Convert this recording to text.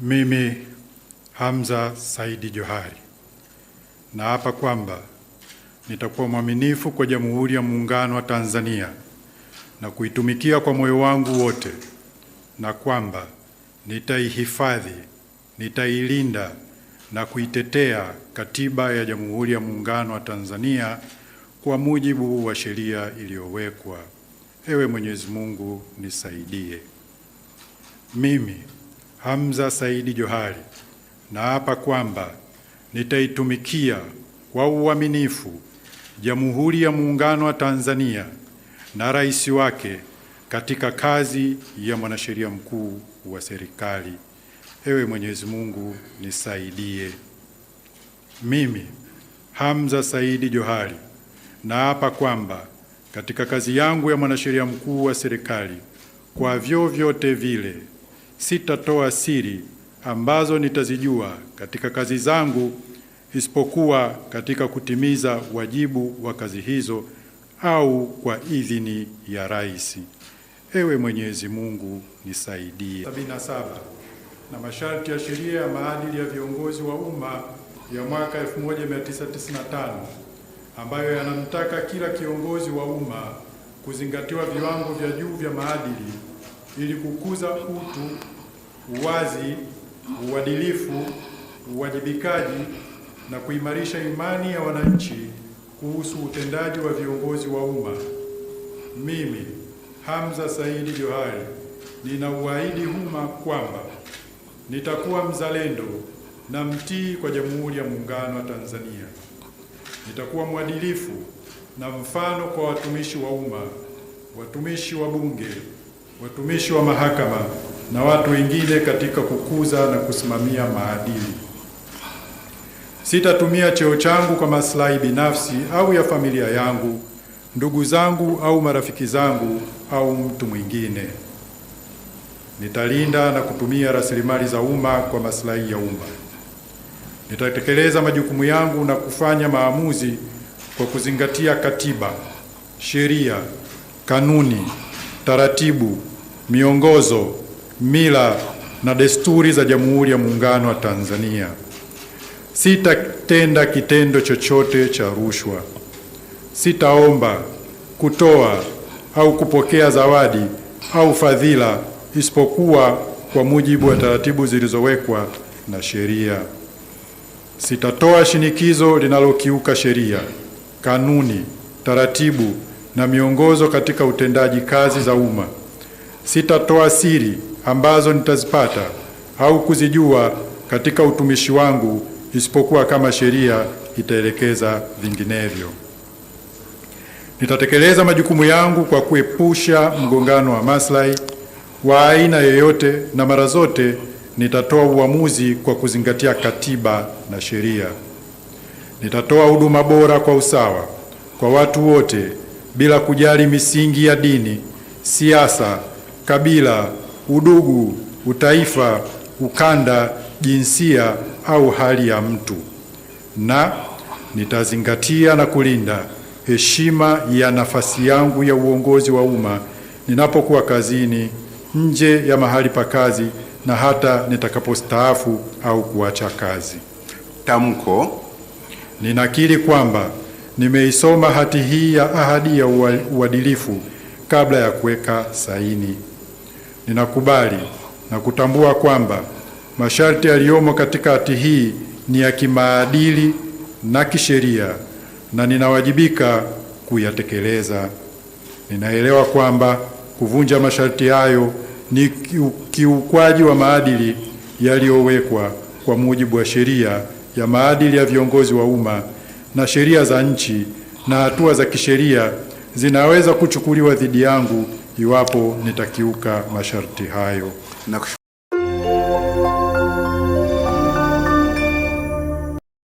Mimi Hamza Saidi Johari naapa kwamba nitakuwa mwaminifu kwa Jamhuri ya Muungano wa Tanzania na kuitumikia kwa moyo wangu wote, na kwamba nitaihifadhi, nitailinda na kuitetea Katiba ya Jamhuri ya Muungano wa Tanzania kwa mujibu wa sheria iliyowekwa. Ewe Mwenyezi Mungu nisaidie. Mimi Hamza Saidi Johari, naapa kwamba nitaitumikia kwa uaminifu Jamhuri ya Muungano wa Tanzania na rais wake katika kazi ya mwanasheria mkuu wa serikali. Ewe Mwenyezi Mungu nisaidie. Mimi Hamza Saidi Johari naapa kwamba katika kazi yangu ya mwanasheria mkuu wa serikali kwa vyovyote vile sitatoa siri ambazo nitazijua katika kazi zangu, isipokuwa katika kutimiza wajibu wa kazi hizo au kwa idhini ya rais. Ewe Mwenyezi Mungu nisaidie. 77 na masharti ya sheria ya maadili ya viongozi wa umma ya mwaka 1995 ambayo yanamtaka kila kiongozi wa umma kuzingatiwa viwango vya juu vya maadili ili kukuza utu, uwazi, uadilifu, uwajibikaji na kuimarisha imani ya wananchi kuhusu utendaji wa viongozi wa umma. Mimi Hamza Saidi Johari ninauahidi umma kwamba nitakuwa mzalendo na mtii kwa Jamhuri ya Muungano wa Tanzania. Nitakuwa mwadilifu na mfano kwa watumishi wa umma, watumishi wa Bunge watumishi wa mahakama na watu wengine katika kukuza na kusimamia maadili. Sitatumia cheo changu kwa maslahi binafsi au ya familia yangu, ndugu zangu au marafiki zangu au mtu mwingine. Nitalinda na kutumia rasilimali za umma kwa maslahi ya umma. Nitatekeleza majukumu yangu na kufanya maamuzi kwa kuzingatia katiba, sheria, kanuni taratibu, miongozo, mila na desturi za Jamhuri ya Muungano wa Tanzania. Sitatenda kitendo chochote cha rushwa. Sitaomba, kutoa au kupokea zawadi au fadhila isipokuwa kwa mujibu wa taratibu zilizowekwa na sheria. Sitatoa shinikizo linalokiuka sheria, kanuni, taratibu na miongozo katika utendaji kazi za umma. Sitatoa siri ambazo nitazipata au kuzijua katika utumishi wangu isipokuwa kama sheria itaelekeza vinginevyo. Nitatekeleza majukumu yangu kwa kuepusha mgongano wa maslahi wa aina yoyote, na mara zote nitatoa uamuzi kwa kuzingatia katiba na sheria. Nitatoa huduma bora kwa usawa kwa watu wote bila kujali misingi ya dini, siasa, kabila, udugu, utaifa, ukanda, jinsia au hali ya mtu, na nitazingatia na kulinda heshima ya nafasi yangu ya uongozi wa umma ninapokuwa kazini, nje ya mahali pa kazi na hata nitakapostaafu au kuacha kazi. Tamko: ninakiri kwamba Nimeisoma hati hii ya ahadi ya uadilifu kabla ya kuweka saini. Ninakubali na kutambua kwamba masharti yaliyomo katika hati hii ni ya kimaadili na kisheria na ninawajibika kuyatekeleza. Ninaelewa kwamba kuvunja masharti hayo ni kiukwaji wa maadili yaliyowekwa kwa mujibu wa sheria ya maadili ya viongozi wa umma na sheria za nchi na hatua za kisheria zinaweza kuchukuliwa dhidi yangu iwapo nitakiuka masharti hayo.